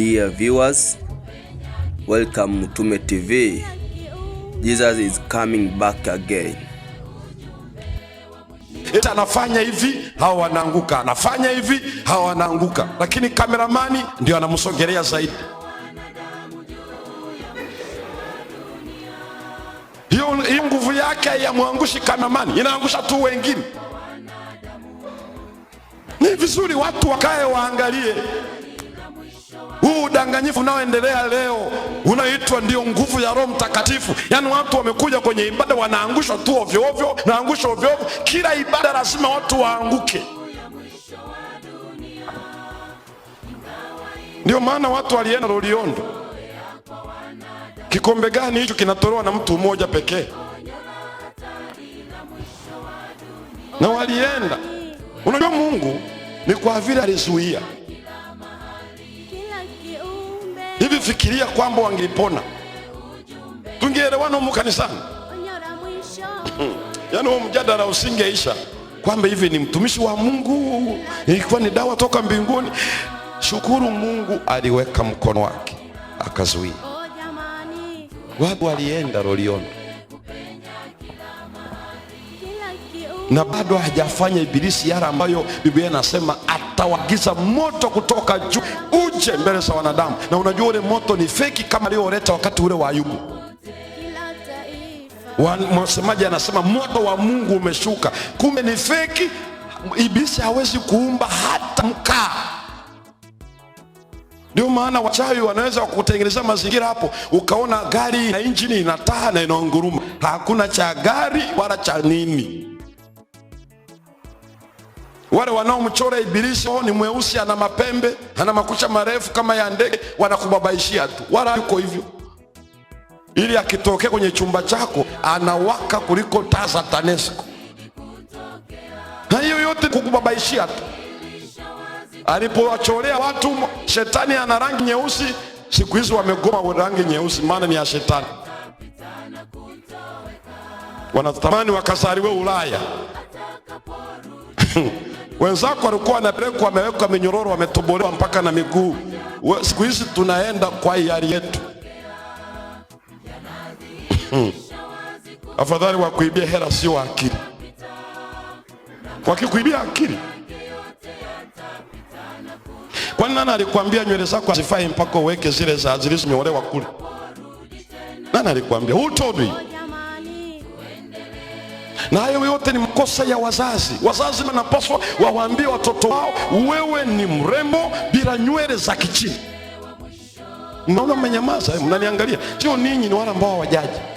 Dear viewers, welcome Mtume TV. Jesus is coming back again. Anafanya hivi hawa wanaanguka, anafanya hivi hawa wanaanguka, lakini kameramani ndio anamsogelea zaidi. Hiyo nguvu yake yamwangushi kameramani, inaangusha tu wengine. Ni vizuri watu wakaye waangalie udanganyifu unaoendelea leo unaitwa ndio nguvu ya Roho Mtakatifu. Yaani watu wamekuja kwenye ibada wanaangushwa tu ovyo ovyo, naangushwa ovyo ovyo. Kila ibada lazima watu waanguke. Ndio maana watu walienda Loliondo. Kikombe gani hicho kinatolewa na mtu mmoja pekee? Na walienda. Unajua Mungu ni kwa vile alizuia fikiria kwamba wangelipona, tungeelewana humu kanisani hmm. yaani huo mjadala usingeisha, kwamba hivi ni mtumishi wa Mungu, ilikuwa ni dawa toka mbinguni. Shukuru Mungu aliweka mkono wake akazuia, watu walienda Lolioni. na bado hajafanya Ibilisi yale ambayo Biblia inasema atawagiza moto kutoka juu uje mbele za wanadamu. Na unajua ule moto ni feki kama alioleta wakati ule wa Ayubu. Msemaji anasema moto wa Mungu umeshuka, kumbe ni feki. Ibilisi hawezi kuumba hata mkaa. Ndio maana wachawi wanaweza kutengeneza mazingira hapo, ukaona gari na injini ina taa na inaunguruma, hakuna cha gari wala cha nini wale wanaomchora Ibilisi wao ni mweusi, ana mapembe, ana makucha marefu kama ya ndege, wanakubabaishia tu, wala yuko hivyo, ili akitokea kwenye chumba chako anawaka kuliko taa za TANESCO. Na hiyo yote kukubabaishia tu. Alipowachorea watu shetani ana rangi nyeusi, siku hizi wamegoma rangi nyeusi, maana ni ya shetani. Wanatamani wakasariwe Ulaya Wenzako walikuwa wanapelekwa, wamewekwa minyororo, wametobolewa mpaka na miguu. Siku hizi tunaenda kwa hiari yetu. Hmm. Afadhali wakuibia hela, sio akili. Wakikuibia akili, kwani nani alikwambia nywele zako hazifai mpaka uweke zile za zilizonyolewa kule? Nani alikwambia? Who told you? na hayo yote ni makosa ya wazazi. Wazazi wanapaswa wawaambie watoto wao, wewe ni mrembo bila nywele za kichini. Mnaona mmenyamaza, mnaniangalia, sio ninyi, ni wale ambao hawajaji